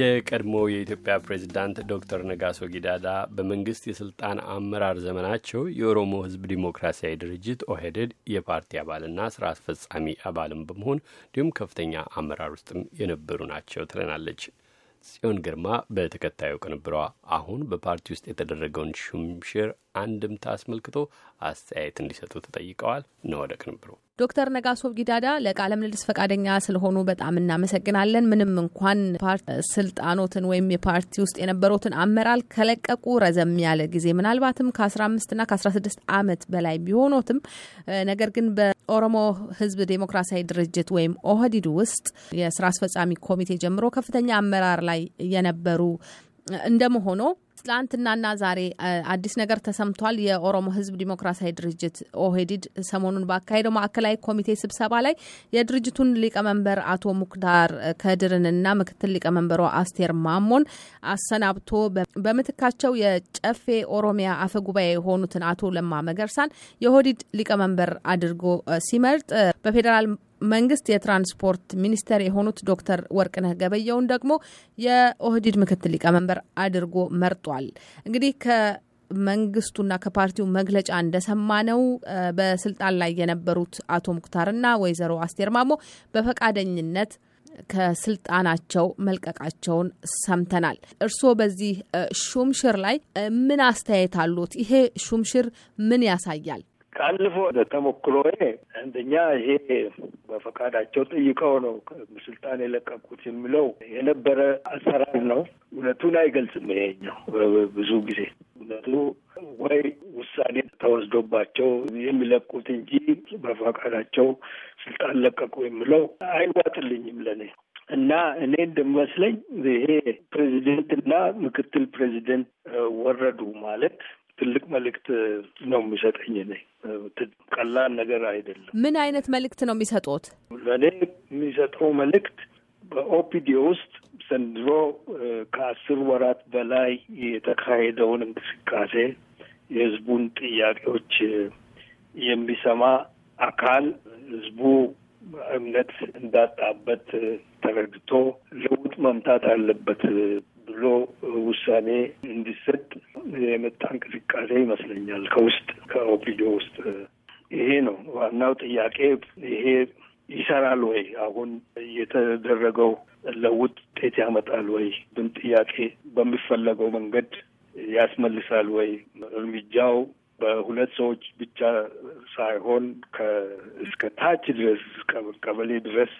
የቀድሞ የኢትዮጵያ ፕሬዝዳንት ዶክተር ነጋሶ ጊዳዳ በመንግስት የስልጣን አመራር ዘመናቸው የኦሮሞ ህዝብ ዲሞክራሲያዊ ድርጅት ኦህዴድ የፓርቲ አባልና ስራ አስፈጻሚ አባልም በመሆን እንዲሁም ከፍተኛ አመራር ውስጥም የነበሩ ናቸው ትለናለች ጽዮን ግርማ በተከታዩ ቅንብሯ። አሁን በፓርቲ ውስጥ የተደረገውን ሹምሽር አንድምታ አስመልክቶ አስተያየት እንዲሰጡ ተጠይቀዋል። ነው ቅንብሩ። ዶክተር ነጋሶ ጊዳዳ ለቃለ ምልልስ ፈቃደኛ ስለሆኑ በጣም እናመሰግናለን። ምንም እንኳን ስልጣኖትን ወይም የፓርቲ ውስጥ የነበሩትን አመራር ከለቀቁ ረዘም ያለ ጊዜ ምናልባትም ከ15 እና ከ16 ዓመት በላይ ቢሆኖትም ነገር ግን በኦሮሞ ሕዝብ ዴሞክራሲያዊ ድርጅት ወይም ኦህዲድ ውስጥ የስራ አስፈጻሚ ኮሚቴ ጀምሮ ከፍተኛ አመራር ላይ የነበሩ እንደመሆኖ ትላንትናና ዛሬ አዲስ ነገር ተሰምቷል። የኦሮሞ ሕዝብ ዲሞክራሲያዊ ድርጅት ኦህዴድ ሰሞኑን ባካሄደው ማዕከላዊ ኮሚቴ ስብሰባ ላይ የድርጅቱን ሊቀመንበር አቶ ሙክታር ከድርንና ምክትል ሊቀመንበሩ አስቴር ማሞን አሰናብቶ በምትካቸው የጨፌ ኦሮሚያ አፈ ጉባኤ የሆኑትን አቶ ለማ መገርሳን የኦህዴድ ሊቀመንበር አድርጎ ሲመርጥ በፌዴራል መንግስት የትራንስፖርት ሚኒስተር የሆኑት ዶክተር ወርቅነህ ገበየውን ደግሞ የኦህዲድ ምክትል ሊቀመንበር አድርጎ መርጧል። እንግዲህ ከመንግስቱና ከፓርቲው መግለጫ እንደሰማነው በስልጣን ላይ የነበሩት አቶ ሙክታርና ወይዘሮ አስቴር ማሞ በፈቃደኝነት ከስልጣናቸው መልቀቃቸውን ሰምተናል። እርስዎ በዚህ ሹምሽር ላይ ምን አስተያየት አሉት? ይሄ ሹምሽር ምን ያሳያል? ካለፎ ተሞክሮዬ አንደኛ ይሄ በፈቃዳቸው ጠይቀው ነው ስልጣን የለቀቁት የሚለው የነበረ አሰራር ነው። እውነቱን አይገልጽም። ይሄኛው ብዙ ጊዜ እውነቱ ወይ ውሳኔ ተወስዶባቸው የሚለቁት እንጂ በፈቃዳቸው ስልጣን ለቀቁ የሚለው አይዋጥልኝም ለኔ እና እኔ እንደሚመስለኝ ይሄ ፕሬዚደንትና ምክትል ፕሬዚደንት ወረዱ ማለት ትልቅ መልእክት ነው የሚሰጠኝ። እኔ ቀላል ነገር አይደለም። ምን አይነት መልእክት ነው የሚሰጡት? ለእኔ የሚሰጠው መልእክት በኦፒዲ ውስጥ ዘንድሮ ከአስር ወራት በላይ የተካሄደውን እንቅስቃሴ የህዝቡን ጥያቄዎች የሚሰማ አካል ህዝቡ እምነት እንዳጣበት ተረድቶ ለውጥ መምታት አለበት ብሎ ውሳኔ እንዲሰጥ የመጣ እንቅስቃሴ ይመስለኛል ከውስጥ ከኦፒዲዮ ውስጥ። ይሄ ነው ዋናው ጥያቄ። ይሄ ይሰራል ወይ? አሁን የተደረገው ለውጥ ውጤት ያመጣል ወይ? ብን ጥያቄ በሚፈለገው መንገድ ያስመልሳል ወይ? እርምጃው በሁለት ሰዎች ብቻ ሳይሆን ከእስከ ታች ድረስ ቀበሌ ድረስ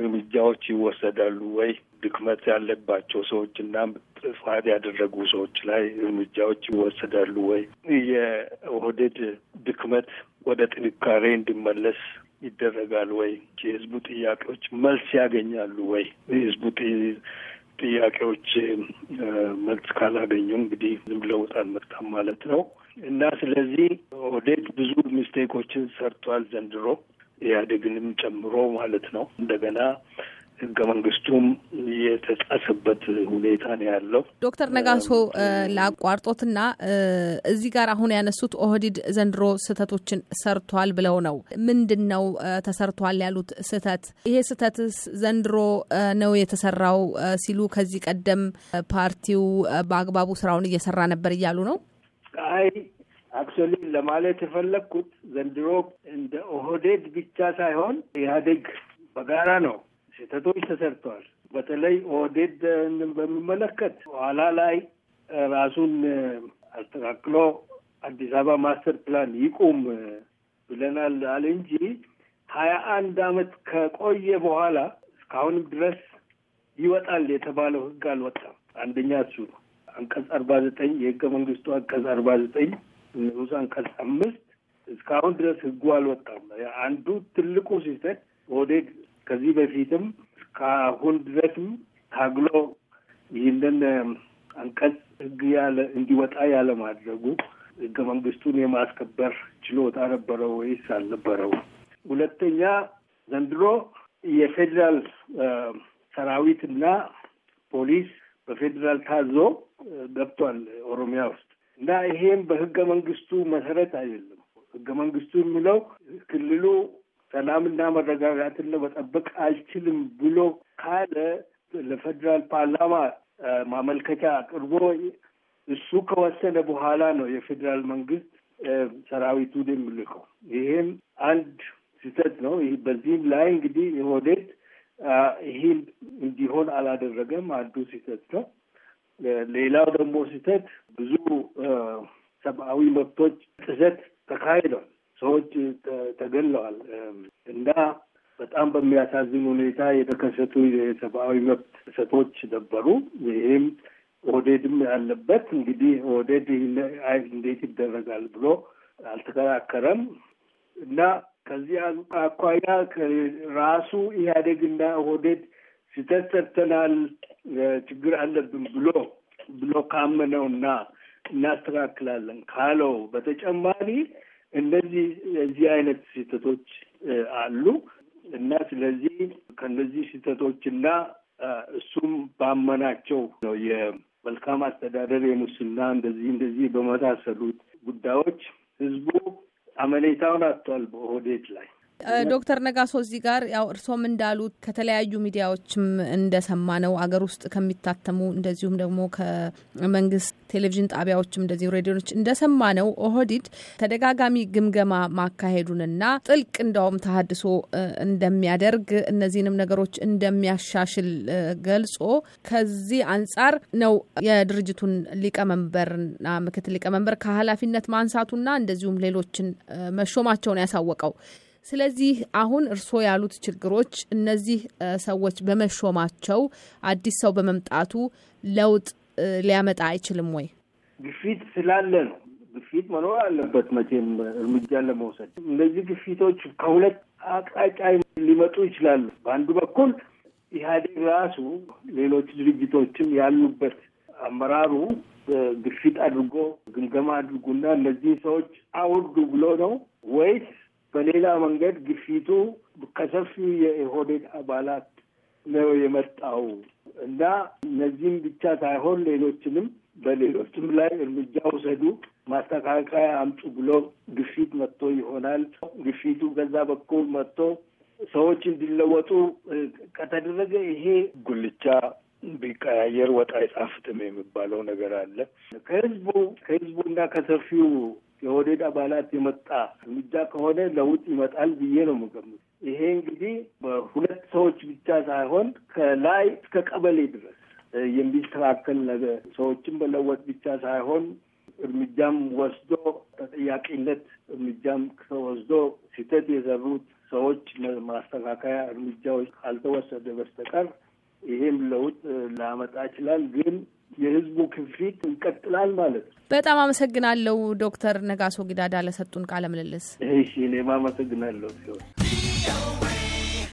እርምጃዎች ይወሰዳሉ ወይ? ድክመት ያለባቸው ሰዎች እና ጥፋት ያደረጉ ሰዎች ላይ እርምጃዎች ይወሰዳሉ ወይ? የኦህዴድ ድክመት ወደ ጥንካሬ እንዲመለስ ይደረጋል ወይ? የህዝቡ ጥያቄዎች መልስ ያገኛሉ ወይ? የህዝቡ ጥያቄዎች መልስ ካላገኙ እንግዲህ ዝም ለውጥ አልመጣም ማለት ነው እና ስለዚህ ኦህዴድ ብዙ ሚስቴኮችን ሰርቷል ዘንድሮ ኢህአዴግንም ጨምሮ ማለት ነው። እንደገና ህገ መንግስቱም የተጻፈበት ሁኔታ ነው ያለው። ዶክተር ነጋሶ ለአቋርጦትና እዚህ ጋር አሁን ያነሱት ኦህዲድ ዘንድሮ ስህተቶችን ሰርቷል ብለው ነው። ምንድን ነው ተሰርቷል ያሉት ስህተት? ይሄ ስህተትስ ዘንድሮ ነው የተሰራው ሲሉ ከዚህ ቀደም ፓርቲው በአግባቡ ስራውን እየሰራ ነበር እያሉ ነው። አይ አክቹዋሊ ለማለት የፈለግኩት ዘንድሮ እንደ ኦህዴድ ብቻ ሳይሆን ኢህአዴግ በጋራ ነው። ስህተቶች ተሰርተዋል። በተለይ ኦህዴድ በሚመለከት ኋላ ላይ ራሱን አስተካክሎ አዲስ አበባ ማስተር ፕላን ይቁም ብለናል አለ እንጂ ሀያ አንድ አመት ከቆየ በኋላ እስካሁንም ድረስ ይወጣል የተባለው ህግ አልወጣም። አንደኛ እሱ ነው። አንቀጽ አርባ ዘጠኝ የህገ መንግስቱ አንቀጽ አርባ ዘጠኝ ንዑስ አንቀጽ አምስት እስካሁን ድረስ ህጉ አልወጣም። አንዱ ትልቁ ሲሰት ኦህዴድ ከዚህ በፊትም እስካሁን ድረስም ታግሎ ይህንን አንቀጽ ህግ ያለ እንዲወጣ ያለ ማድረጉ ህገ መንግስቱን የማስከበር ችሎታ ነበረው ወይስ አልነበረው? ሁለተኛ ዘንድሮ የፌዴራል ሰራዊትና ፖሊስ በፌዴራል ታዞ ገብቷል ኦሮሚያ ውስጥ እና ይሄም በህገ መንግስቱ መሰረት አይደለም። ህገ መንግስቱ የሚለው ክልሉ ሰላምና መረጋጋትን ለመጠበቅ አልችልም ብሎ ካለ ለፌዴራል ፓርላማ ማመልከቻ አቅርቦ እሱ ከወሰነ በኋላ ነው የፌዴራል መንግስት ሰራዊቱን የሚልከው። ይሄም አንድ ስህተት ነው። በዚህም ላይ እንግዲህ የሆዴድ ይህን እንዲሆን አላደረገም። አንዱ ስህተት ነው። ሌላው ደግሞ ስህተት ብዙ ሰብአዊ መብቶች ጥሰት ተካሂዷል። ሰዎች ተገለዋል እና በጣም በሚያሳዝን ሁኔታ የተከሰቱ የሰብአዊ መብት ጥሰቶች ነበሩ። ይህም ኦህዴድም ያለበት እንግዲህ ኦህዴድ እንዴት ይደረጋል ብሎ አልተከራከረም እና ከዚህ አኳያ ራሱ እና ኦህዴድ ስህተት ሰርተናል፣ ችግር አለብን ብሎ ብሎ ካመነው እና እናስተካክላለን ካለው በተጨማሪ እነዚህ የዚህ አይነት ስህተቶች አሉ እና ስለዚህ ከነዚህ ስህተቶች ስህተቶችና እሱም ባመናቸው ነው የመልካም አስተዳደር የሙስና እንደዚህ እንደዚህ በመሳሰሉት ጉዳዮች ህዝቡ አመኔታውን አጥቷል በኦህዴድ ላይ ዶክተር ነጋሶ እዚህ ጋር ያው እርሶም እንዳሉት ከተለያዩ ሚዲያዎችም እንደሰማ ነው አገር ውስጥ ከሚታተሙ እንደዚሁም ደግሞ ከመንግስት ቴሌቪዥን ጣቢያዎችም እንደዚሁ ሬዲዮኖች እንደሰማ ነው ኦህዲድ ተደጋጋሚ ግምገማ ማካሄዱንና ጥልቅ እንዳውም ተሀድሶ እንደሚያደርግ እነዚህንም ነገሮች እንደሚያሻሽል ገልጾ ከዚህ አንጻር ነው የድርጅቱን ሊቀመንበርና ምክትል ሊቀመንበር ከኃላፊነት ማንሳቱና እንደዚሁም ሌሎችን መሾማቸውን ያሳወቀው። ስለዚህ አሁን እርስዎ ያሉት ችግሮች እነዚህ ሰዎች በመሾማቸው አዲስ ሰው በመምጣቱ ለውጥ ሊያመጣ አይችልም ወይ? ግፊት ስላለ ነው። ግፊት መኖር አለበት መቼም እርምጃን ለመውሰድ። እነዚህ ግፊቶች ከሁለት አቅጣጫ ሊመጡ ይችላሉ። በአንዱ በኩል ኢህአዴግ ራሱ ሌሎች ድርጅቶችም ያሉበት አመራሩ ግፊት አድርጎ ግምገማ አድርጉና እነዚህ ሰዎች አውርዱ ብሎ ነው ወይስ በሌላ መንገድ ግፊቱ ከሰፊው የኦህዴድ አባላት ነው የመጣው እና እነዚህም ብቻ ሳይሆን ሌሎችንም በሌሎችም ላይ እርምጃ ውሰዱ፣ ማስተካከያ አምጡ ብሎ ግፊት መጥቶ ይሆናል። ግፊቱ ከዛ በኩል መጥቶ ሰዎች እንዲለወጡ ከተደረገ ይሄ ጉልቻ ቢቀያየር ወጥ አይጣፍጥም የሚባለው ነገር አለ። ከህዝቡ እና ከሰፊው የወደድ አባላት የመጣ እርምጃ ከሆነ ለውጥ ይመጣል ብዬ ነው የምገምት። ይሄ እንግዲህ በሁለት ሰዎች ብቻ ሳይሆን ከላይ እስከ ቀበሌ ድረስ የሚስተካከል ነገር ሰዎችን በለወጥ ብቻ ሳይሆን እርምጃም ወስዶ ተጠያቂነት እርምጃም ከወስዶ ስህተት የሰሩት ሰዎች ማስተካከያ እርምጃዎች ካልተወሰደ በስተቀር ይሄም ለውጥ ላመጣ ይችላል ግን የህዝቡ ክፊት ይቀጥላል ማለት ነው። በጣም አመሰግናለሁ ዶክተር ነጋሶ ጊዳዳ ለሰጡን ቃለ ምልልስ። እሺ እኔም አመሰግናለሁ ሲሆን